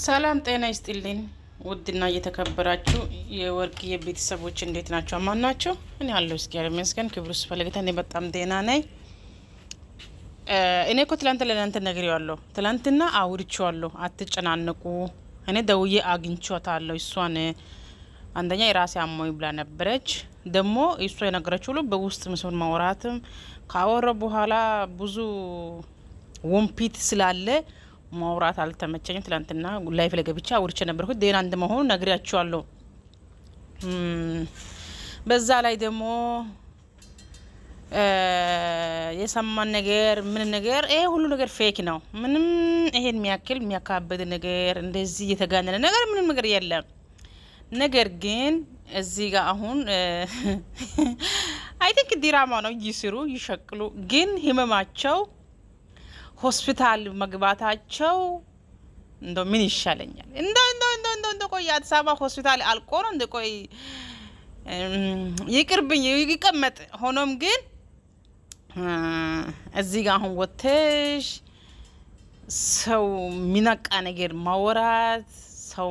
ሰላም ጤና ይስጥልኝ። ውድና እየተከበራችሁ የወርቅ የቤተሰቦች እንዴት ናቸው? አማን ናቸው። እኔ አለሁ እግዚአብሔር ይመስገን፣ ክብሩ ስፈለግታ እኔ በጣም ጤና ነኝ። እኔ እኮ ትላንት ለእናንተ ነግሬዋለሁ፣ ትላንትና አውርቼዋለሁ። አትጨናነቁ፣ እኔ ደውዬ አግኝቻታለሁ። እሷን አንደኛ የራሴ አሞኝ ብላ ነበረች፣ ደግሞ እሷ የነገረች ሁሉ በውስጥ ምስል ማውራትም ካወረ በኋላ ብዙ ወንፊት ስላለ ማውራት አልተመቸኝም። ትላንትና ላይፍ ለገብቻ አውርቼ ነበርኩት ዴና እንደመሆኑ ነግሪያችኋለሁ። በዛ ላይ ደግሞ የሰማን ነገር ምን ነገር ይሄ ሁሉ ነገር ፌክ ነው። ምንም ይሄን የሚያክል የሚያካበድ ነገር እንደዚህ እየተጋነነ ነገር ምንም ነገር የለም። ነገር ግን እዚህ ጋር አሁን አይ ቲንክ ዲራማ ነው፣ ይስሩ ይሸቅሉ። ግን ህመማቸው ሆስፒታል መግባታቸው እንደ ምን ይሻለኛል? እንደ እንደ እንደ እንደ እንደ ቆይ አዲስ አበባ ሆስፒታል አልቆ ነው እንደ ቆይ ይቅርብኝ ይቀመጥ። ሆኖም ግን እዚህ ጋር አሁን ወጥተሽ ሰው የሚነቃ ነገር ማወራት ሰው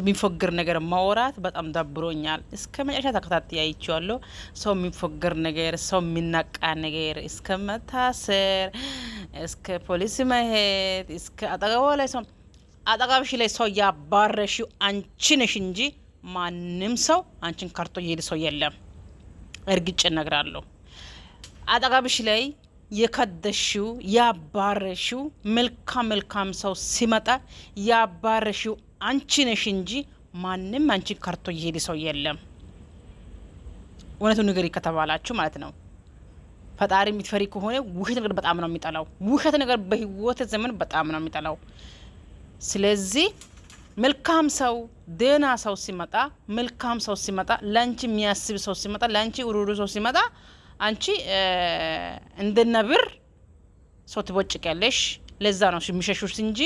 የሚፎግር ነገር ማወራት በጣም ዳብሮኛል። እስከ መጨረሻ ተከታት ያይቸዋለሁ። ሰው የሚፎግር ነገር፣ ሰው የሚነቃ ነገር እስከ መታሰር እስከ ፖሊስ መሄድ እስከ አጠገቧ ላይ ሰው አጠገብሽ ላይ ሰው ያባረሽው አንቺ ነሽ እንጂ ማንም ሰው አንቺን ከርቶ የሄድ ሰው የለም። እርግጭ እነግራለሁ። አጠገብሽ ላይ የከደሽው ያባረሽው መልካም መልካም ሰው ሲመጣ ያባረሽው አንቺ ነሽ እንጂ ማንም አንቺን ከርቶ የሄድ ሰው የለም። እውነቱ ንገሪ ከተባላችሁ ማለት ነው። ፈጣሪ የሚትፈሪ ከሆነ ውሸት ነገር በጣም ነው የሚጠላው። ውሸት ነገር በህይወት ዘመን በጣም ነው የሚጠላው። ስለዚህ መልካም ሰው ደህና ሰው ሲመጣ መልካም ሰው ሲመጣ ለአንቺ የሚያስብ ሰው ሲመጣ ለአንቺ ሩሩ ሰው ሲመጣ አንቺ እንደ ነብር ሰው ትቦጭቅያለሽ። ለዛ ነው የሚሸሹሽ እንጂ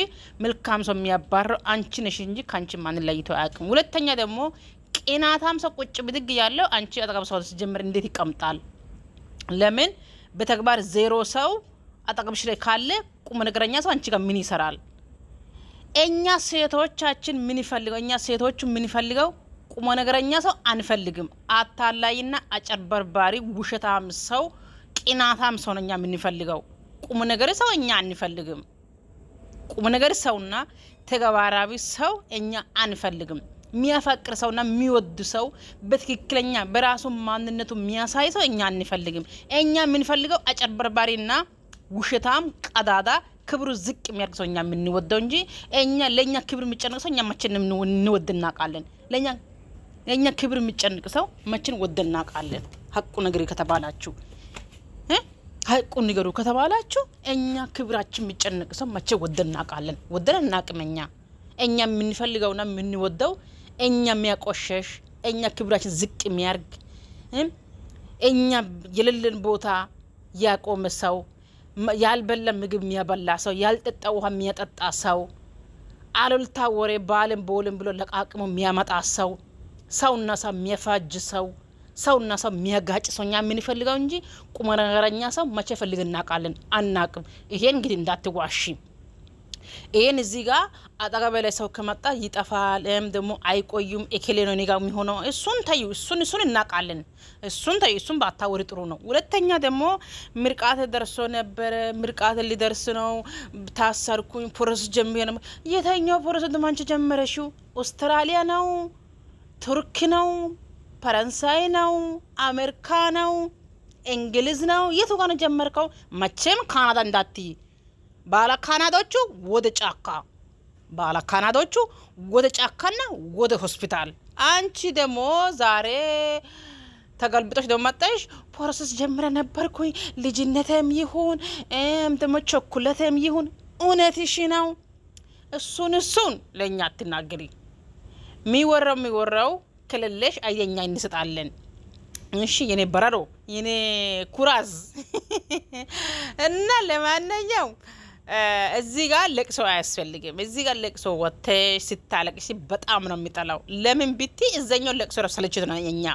መልካም ሰው የሚያባረው አንቺ ነሽ እንጂ ከአንቺ ማን ለይቶ አያውቅም። ሁለተኛ ደግሞ ቅናታም ሰው ቁጭ ብድግ ያለው አንቺ አጠገብ ሰው ሲጀምር እንዴት ይቀምጣል? ለምን በተግባር ዜሮ ሰው አጠቅምሽ ላይ ካለ ቁም ነገረኛ ሰው አንቺ ጋር ምን ይሰራል? እኛ ሴቶቻችን ምን ይፈልገው? እኛ ሴቶቹ ምን ይፈልገው? ቁም ነገረኛ ሰው አንፈልግም። አታላይና አጨበርባሪ ውሸታም ሰው፣ ቅናታም ሰው ነኛ የምንፈልገው። ቁም ነገር ሰው እኛ አንፈልግም። ቁም ነገር ሰውና ተግባራዊ ሰው እኛ አንፈልግም። የሚያፈቅር ሰውና የሚወድ ሰው በትክክለኛ በራሱ ማንነቱ የሚያሳይ ሰው እኛ አንፈልግም። እኛ የምንፈልገው አጨበርባሪና ውሸታም ቀዳዳ ክብሩ ዝቅ የሚያደርግ ሰው እኛ የምንወደው እንጂ እኛ ለእኛ ክብር የሚጨነቅ ሰው እኛ መቼን እንወድ እናውቃለን። ለእኛ ክብር የሚጨንቅ ሰው መቼን ወደ እናውቃለን። ሀቁ ነገር ከተባላችሁ ሀቁ ንገሩ ከተባላችሁ እኛ ክብራችን የሚጨነቅ ሰው መቼ ወደ እናውቃለን። ወደን እናቅመኛ እኛ የምንፈልገውና የምንወደው እኛ የሚያቆሸሽ እኛ ክብራችን ዝቅ የሚያርግ እኛ የሌለን ቦታ ያቆመ ሰው፣ ያልበላ ምግብ የሚያበላ ሰው፣ ያልጠጣ ውሃ የሚያጠጣ ሰው፣ አሉልታ ወሬ ባልን ቦልን ብሎ ለቃቅሞ የሚያመጣ ሰው፣ ሰውና ሰው የሚያፋጅ ሰው፣ ሰውና ሰው የሚያጋጭ ሰው እኛ የምንፈልገው እንጂ ቁመነገረኛ ሰው መቼ ፈልግ እናውቃለን? አናቅም። ይሄ እንግዲህ እንዳትዋሺ። ይሄን እዚህ ጋር አጠገብ ላይ ሰው ከመጣ ይጠፋል፣ ወይም ደግሞ አይቆዩም። ኤኬሌ ነው ኔጋ የሚሆነው። እሱን ተዩ፣ እሱን እሱን እናቃለን። እሱን ተዩ፣ እሱን ባታወሪ ጥሩ ነው። ሁለተኛ ደግሞ ምርቃት ደርሶ ነበረ። ምርቃት ሊደርስ ነው፣ ታሰርኩኝ፣ ፕሮሰስ ጀምሬ ነው። የተኛው ፕሮሰስ አንቺ ጀመረሽው? ኦስትራሊያ ነው፣ ቱርክ ነው፣ ፈረንሳይ ነው፣ አሜሪካ ነው፣ እንግሊዝ ነው። የቱ ጋር ነው ጀመርከው? መቼም ካናዳ እንዳትይ ካናዶቹ ወደ ጫካ ካናዶቹ ወደ ጫካና ወደ ሆስፒታል። አንቺ ደግሞ ዛሬ ተገልብጦች ደግሞ መጣሽ። ፕሮሰስ ጀምረ ነበርኩኝ። ልጅነትም ይሁን ደግሞ ቸኩለትም ይሁን እውነትሽ ነው። እሱን እሱን ለእኛ አትናገሪ። የሚወራው የሚወራው ክልልሽ አየኛ እንስጣለን። እሺ የኔ በረዶ የኔ ኩራዝ እና ለማንኛውም እዚህ ጋር ለቅሶ አያስፈልግም። እዚህ ጋር ለቅሶ ወተሽ ስታለቅሽ በጣም ነው የሚጠላው። ለምን ብቲ እዘኛው ለቅሶ ረሰለችት ነው። እኛ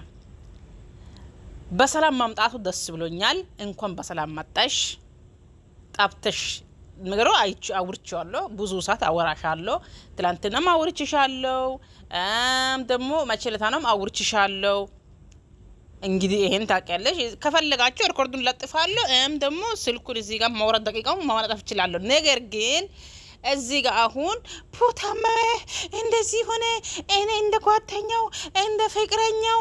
በሰላም ማምጣቱ ደስ ብሎኛል። እንኳን በሰላም መጣሽ። ጣብተሽ ነገሮ አውርቼዋለሁ። ብዙ ሰዓት አወራሻለሁ። ትላንትናም አውርችሻለሁ። ደግሞ መቼለታናም አውርችሻለሁ እንግዲህ ይሄን ታውቂያለሽ። ከፈለጋችሁ ሪኮርዱን ለጥፋለሁ። እም ደግሞ ስልኩን እዚህ ጋር ማውራት ደቂቃውን ማማለጠፍ እችላለሁ። ነገር ግን እዚህ ጋር አሁን ፑታመ እንደዚህ ሆነ። እኔ እንደ ጓደኛው እንደ ፍቅረኛው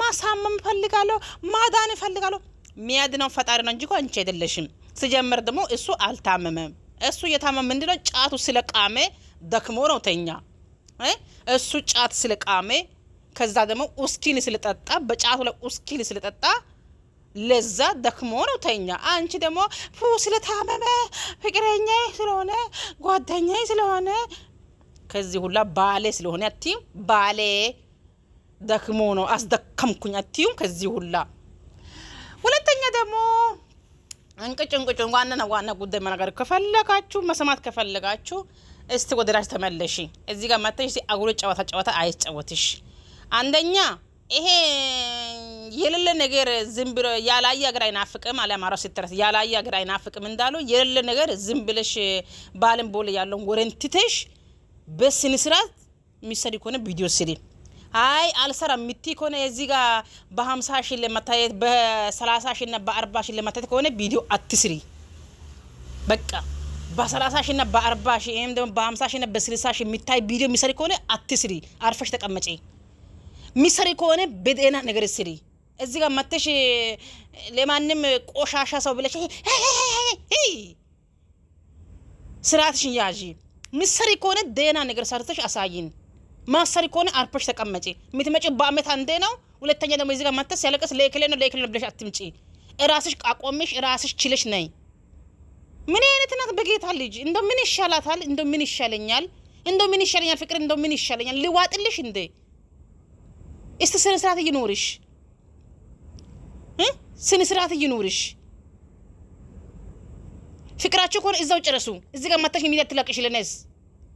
ማሳመም እፈልጋለሁ፣ ማዳን እፈልጋለሁ። ሚያድነው ፈጣሪ ነው እንጂ አንቺ አይደለሽም። ስጀምር ደግሞ እሱ አልታመመም። እሱ እየታመመ ምንድነው ጫቱ ስለቃሜ ደክሞ ነው ተኛ። እሱ ጫት ስለቃሜ ከዛ ደግሞ ኡስኪን ስለጠጣ በጫቱ ላይ ኡስኪን ስለጠጣ ለዛ ደክሞ ነው ተኛ። አንቺ ደግሞ ፉ ስለታመመ ፍቅረኛ ስለሆነ ጓደኛ ስለሆነ ከዚህ ሁላ ባሌ ስለሆነ አትይም። ባሌ ደክሞ ነው አስደከምኩኝ አትይም። ከዚህ ሁላ ሁለተኛ ደግሞ እንቅጭ እንቅጭ ዋና ዋና ጉዳይ መናገር ከፈለጋችሁ መስማት ከፈለጋችሁ እስቲ ወደ ራስ ተመለሺ። እዚህ ጋር መተሽ አጉሎ ጨዋታ ጨዋታ አይጫወትሽ። አንደኛ ይሄ የሌለ ነገር ዝም ብሎ ያላየ አገር አይናፍቅም አለ አማራ ሲተረስ ያላየ አገር አይናፍቅም እንዳሉ የሌለ ነገር ዝም ብለሽ ባልን ቦል ያለውን ወረንትተሽ በስነ ስርዓት የሚሰሪ ከሆነ ቪዲዮ ስሪ። አይ አልሰራ ምቲ ከሆነ የዚህ ጋር በ50 ለመታየት በ30 ሺህ እና በ40 ለመታየት ከሆነ ቪዲዮ አትስሪ። በቃ በ30 ሺህ እና በ40 ወይም ደግሞ በ50 ሺህ እና በ60 የሚታይ ቪዲዮ የሚሰሪ ከሆነ አትስሪ። አርፈሽ ተቀመጪ። ሚሰሪ ከሆነ በጤና ነገር ስሪ። እዚህ ጋር መተሽ ለማንም ቆሻሻ ሰው ብለሽ ስርዓትሽን ያዢ። ሚሰሪ ከሆነ ደህና ነገር ሰርተሽ አሳይን። ማሰሪ ከሆነ አርፈሽ ተቀመጪ። የምትመጪው በአመት አንዴ ነው። ሁለተኛ ደግሞ እዚህ ጋር መተሽ ሲያለቀስ ለክሌ ነው ለክሌ ነው ብለሽ አትምጪ። ራስሽ አቆምሽ፣ ራስሽ ችለሽ ነይ። ምን አይነት ናት በጌታ ልጅ! እንደው ምን ይሻላታል? እንደው ምን ይሻለኛል? እንደው ምን ይሻለኛል? ፍቅር እንደው ምን ይሻለኛል? ልዋጥልሽ እንዴ እስቲ ስነ ስርዓት እይኖርሽ፣ ስነ ስርዓት እይኖርሽ። ፍቅራችሁ ከሆነ እዛው ጨረሱ። እዚህ ጋር ማታሽ ሚዲያ ትላቅሽ ለነስ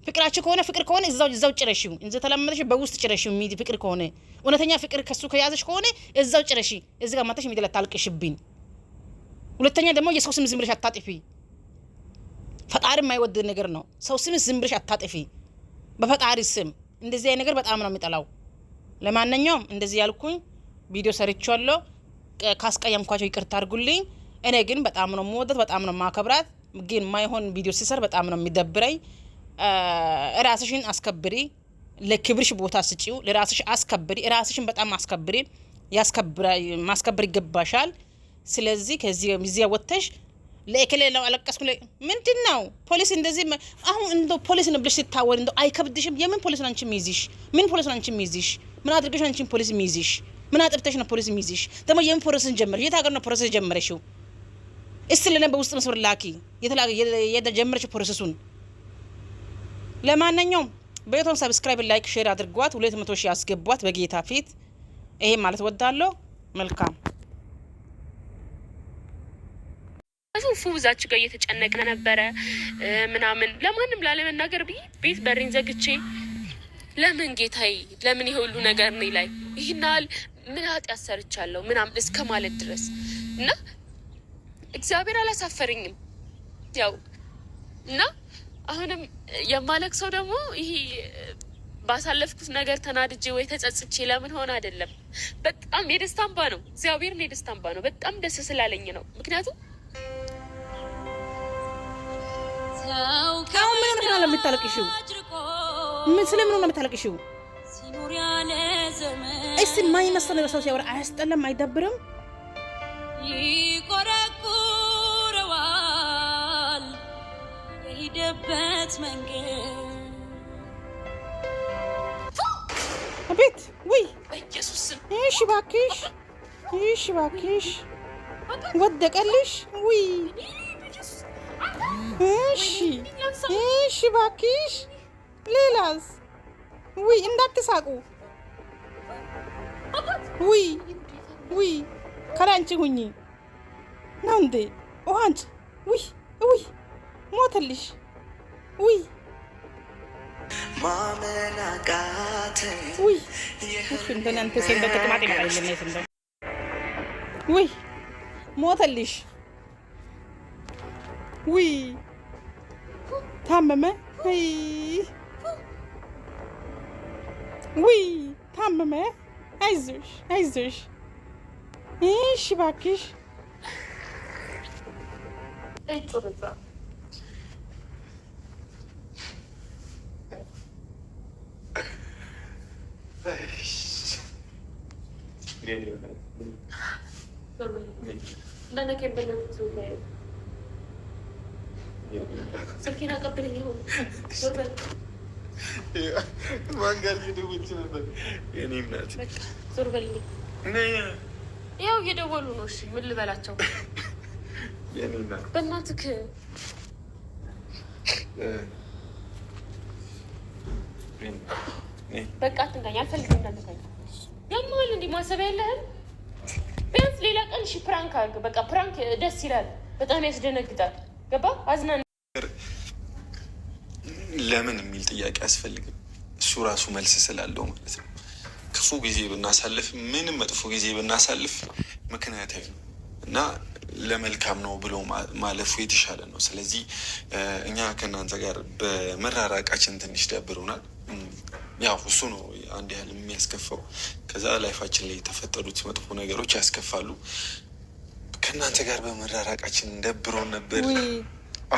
ፍቅራችሁ ከሆነ ፍቅር ከሆነ እዛው እዛው ጭረሽ እንዘ ተላመደሽ በውስጥ ጭረሽ ሚዲ ፍቅር ከሆነ እውነተኛ ፍቅር ከሱ ከያዘሽ ከሆነ እዛው ጭረሽ። እዚህ ጋር ማታሽ ሚዲያ ታልቅሽብኝ። ሁለተኛ ደግሞ የሰው ስም ዝም ብለሽ አታጥፊ። ፈጣሪ የማይወድ ነገር ነው። ሰው ስም ዝም ብለሽ አታጥፊ። በፈጣሪ ስም እንደዚህ ነገር በጣም ነው የሚጠላው። ለማንኛውም እንደዚህ ያልኩኝ ቪዲዮ ሰርቻለሁ። ካስቀየምኳቸው ይቅርታ አድርጉልኝ። እኔ ግን በጣም ነው የምወደት፣ በጣም ነው የማከብራት። ግን ማይሆን ቪዲዮ ሲሰር በጣም ነው የሚደብረኝ። ራስሽን አስከብሪ፣ ለክብርሽ ቦታ ስጪው። ለራስሽ አስከብሪ፣ ራስሽን በጣም አስከብሪ። ማስከበር ይገባሻል። ስለዚህ ከዚህ ወጥተሽ ለእክሌ ነው አለቀስኩ። ምንድን ነው ፖሊስ እንደዚህ አሁን እንደ ፖሊስ ነው ብለሽ ስታወሪ እንደ አይከብድሽም? የምን ፖሊስ ነው አንቺ የሚይዝሽ? ምን ፖሊስ ነው አንቺ የሚይዝሽ? ምን አድርገሽ ነው አንቺ ፖሊስ የሚይዝሽ? ምን አጥብተሽ ነው ፖሊስ የሚይዝሽ? ደግሞ የምን ፖሊስን ጀመርሽ? የት ሀገር ነው ፕሮሰስ ጀመረሽው? እስቲ ለኔ በውስጥ መስመር ላኪ የጀመረሽው ፕሮሰሱን። ለማንኛውም በየቶን ሰብስክራይብ፣ ላይክ፣ ሼር አድርጓት። ሁለት መቶ ሺህ አስገቧት በጌታ ፊት። ይሄ ማለት ወዳለሁ። መልካም ከስንት ሰው እዛች ጋር እየተጨነቅን ነበረ ምናምን። ለማንም ላለመናገር ብዬ ቤት በሬን ዘግቼ ለምን ጌታዬ፣ ለምን የሁሉ ነገር እኔ ላይ ይህናል ምን ኃጢአት ሰርቻለሁ ምናምን እስከ ማለት ድረስ እና እግዚአብሔር አላሳፈርኝም? ያው እና አሁንም የማለቅሰው ደግሞ ይሄ ባሳለፍኩት ነገር ተናድጄ ወይ ተጸጽቼ ለምን ሆነ አይደለም። በጣም የደስታ እንባ ነው። እግዚአብሔርን የደስታ እንባ ነው። በጣም ደስ ስላለኝ ነው። ምክንያቱም አሁን ምን ሆነሽ ነው የምታለቅሽው? ምን ስለምን ነው የምታለቅሽው? እስቲ የማይመስል ነገር ሰው ሲያወራ አያስጠላም? አይደብርም? ይቆረቁረዋል የሄደበት መንገድ። አቤት ውይ! እሺ እባክሽ፣ እሺ እባክሽ፣ ወደቀልሽ። ውይ እሺ፣ እሺ፣ እባክሽ። ሌላስ? ውይ፣ እንዳትሳቁ። ውይ፣ ውይ፣ ከላንቺ ሁኚ ነው እንዴ? ውሃ አንቺ። ውይ፣ ውይ፣ ሞትልሽ። ውይ ውይ ውይ ሞተልሽ። ውይ ታመመ። ውይ ታመመ። አይዞሽ አይዞሽ፣ እሺ እባክሽ። ስልኬን አቀብለኝ ነበር? እናት ዞር ያው እየደወሉ ነው። እሺ ምን ልበላቸው? በእናትህ በቃ አትንካኝ፣ አልፈልግም። ያማል። እንዲህ ማሰብ ቢያንስ ሌላ ቀን እሺ ፕራንክ አድርግ። በቃ ፕራንክ ደስ ይላል፣ በጣም ያስደነግጣል። ገባ አዝና ለምን የሚል ጥያቄ አያስፈልግም። እሱ ራሱ መልስ ስላለው ማለት ነው። ክፉ ጊዜ ብናሳልፍ፣ ምንም መጥፎ ጊዜ ብናሳልፍ ምክንያታዊ ነው እና ለመልካም ነው ብሎ ማለፉ የተሻለ ነው። ስለዚህ እኛ ከእናንተ ጋር በመራራቃችን ትንሽ ደብሮናል። ያው እሱ ነው አንድ ያህል የሚያስከፋው። ከዛ ላይፋችን ላይ የተፈጠሩት መጥፎ ነገሮች ያስከፋሉ። ከእናንተ ጋር በመራራቃችን ደብሮን ነበር።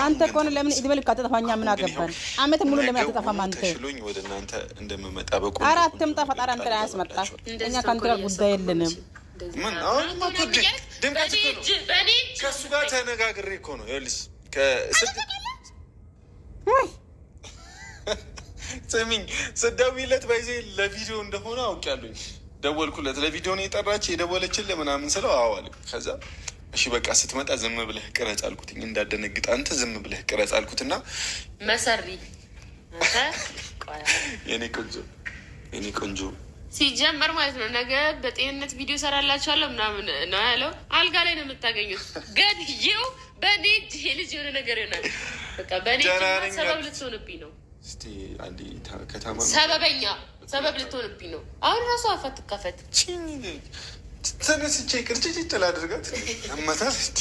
አንተ ከሆነ ለምን እድሜ ልክ አትጠፋኛ? ምን አገባን? አመት ሙሉ ለምን አትጠፋም? አንተ ሽሎኝ ወደ እናንተ እንደምመጣ በቆ አራትም ጠፋ ጣራ አንተ ላይ አስመጣ። እኛ ከአንተ ጋር ጉዳይ የለንም። ምን አሁን ድምቀት ከእሱ ጋር ተነጋግሬ እኮ ነው ልስ ስሚኝ ስደውይለት ባይዜ ለቪዲዮ እንደሆነ አውቄያለሁ። ደወልኩለት። ለቪዲዮ ነው የጠራች የደወለችን ለምናምን ስለው አዋል ከዛ እሺ በቃ ስትመጣ ዝም ብለህ ቅረጽ አልኩትኝ። እንዳደነግጥ አንተ ዝም ብለህ ቅረጽ አልኩትና መሰሪ የኔ ቆንጆ የኔ ቆንጆ ሲጀመር ማለት ነው። ነገ በጤንነት ቪዲዮ ሰራላችኋለሁ ምናምን ነው ያለው። አልጋ ላይ ነው የምታገኙት። ይው በእኔ እጅ ልጅ የሆነ ነገር ይሆናል። በቃ በእኔ ሰበብ ልትሆንብኝ ነው። ሰበበኛ ሰበብ ልትሆንብኝ ነው። አሁን ራሱ አፈት ተነስቼ ቅርጭጭ ላድርጋት እመታለች።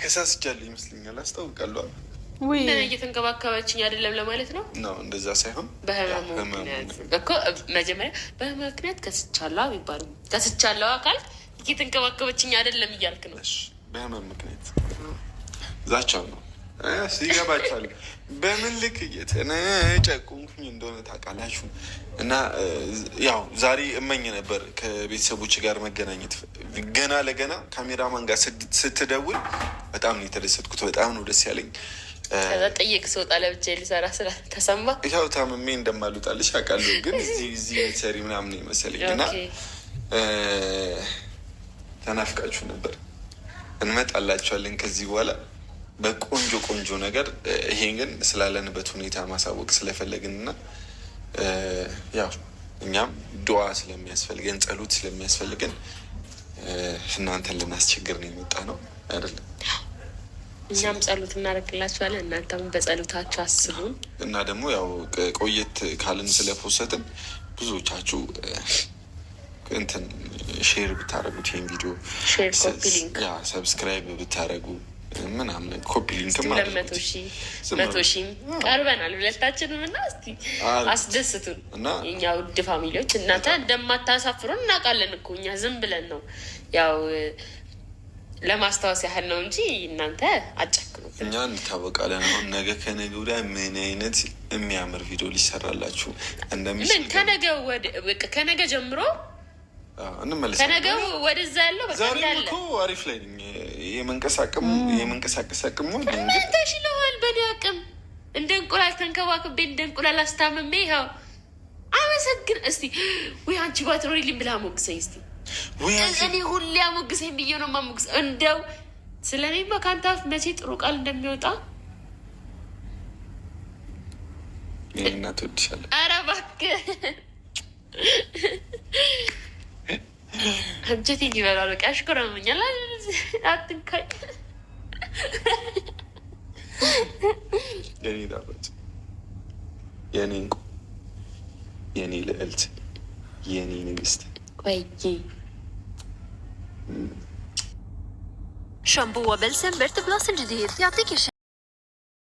ከሳስቻለሁ ይመስለኛል፣ አስታውቃለሁ። እየተንከባከበችኝ አይደለም ለማለት ነው። እንደዛ ሳይሆን መጀመሪያ በህመ ምክንያት ከስቻለሁ ይባሉ ከስቻለሁ አካል እየተንከባከበችኝ አይደለም እያልክ ነው። በህመም ምክንያት ዛቻው ነው ይገባችኋል። በምን ልክ እየተነጨቁኝ እንደሆነ ታውቃላችሁ። እና ያው ዛሬ እመኝ ነበር ከቤተሰቦች ጋር መገናኘት። ገና ለገና ካሜራማን ጋር ስትደውል በጣም ነው የተደሰትኩት። በጣም ነው ደስ ያለኝ። ጠየቅ ስወጣ ለብቻ ልሰራ ተሰማ። ያው ታምሜ እንደማልወጣልሽ አውቃለሁ፣ ግን እዚህ ሰሪ ምናምን መሰለኝ እና ተናፍቃችሁ ነበር። እንመጣላችኋለን ከዚህ በኋላ በቆንጆ ቆንጆ ነገር ይሄን ግን ስላለንበት ሁኔታ ማሳወቅ ስለፈለግንና ያው እኛም ድዋ ስለሚያስፈልገን ጸሎት ስለሚያስፈልገን እናንተን ልናስቸግር ነው የመጣ ነው አይደለም። እኛም ጸሎት እናደርግላችኋለን፣ እናንተም በጸሎታችሁ አስቡን እና ደግሞ ያው ቆየት ካልን ስለፖሰትን ብዙዎቻችሁ እንትን ሼር ብታደረጉት ይህን ቪዲዮ ሰብስክራይብ ብታደረጉ ምናምን ኮፒ ሊንክም መቶ ሺህም ቀርበናል ሁለታችንም እና እስቲ አስደስቱን የኛ ውድ ፋሚሊዎች። እናንተ እንደማታሳፍሩን እናውቃለን እኮ እኛ ዝም ብለን ነው ያው ለማስታወስ ያህል ነው እንጂ እናንተ አጨክኑ። እኛ እንታወቃለን። አሁን ነገ ከነገ ወዲያ ምን አይነት የሚያምር ቪዲዮ ሊሰራላችሁ እንደሚምን ከነገ ወደ ከነገ ጀምሮ እንመለስ ከነገ ወደዛ ያለው በቃ አሪፍ ላይ የመንቀሳቀም የመንቀሳቀስ አቅሙ ምን ተሽለዋል? በእኔ አቅም እንደ እንቁላል ተንከባክቤ እንደ እንቁላል አስታምሜ ይኸው አመሰግን። እስቲ ወይ አንቺ ባትኖሪ ልም ብላ ሞግሰኝ እስቲ። እኔ ሁሌ አሞግሰኝ ብዬ ነው ማሞግሰ እንደው ስለ እኔማ ከአንተ አፍ መቼ ጥሩ ቃል እንደሚወጣ እናት ወድሻለሁ። ኧረ እባክህ አንጀቴን ይበላል። በቃ ያሽኮረመኛል። Attın kay. Yeni davet. Yeni. Yeniyle elti. Yeniyle liste. Koyki. شامبو وبلسم بيرت بلس الجديد يعطيك الشفاء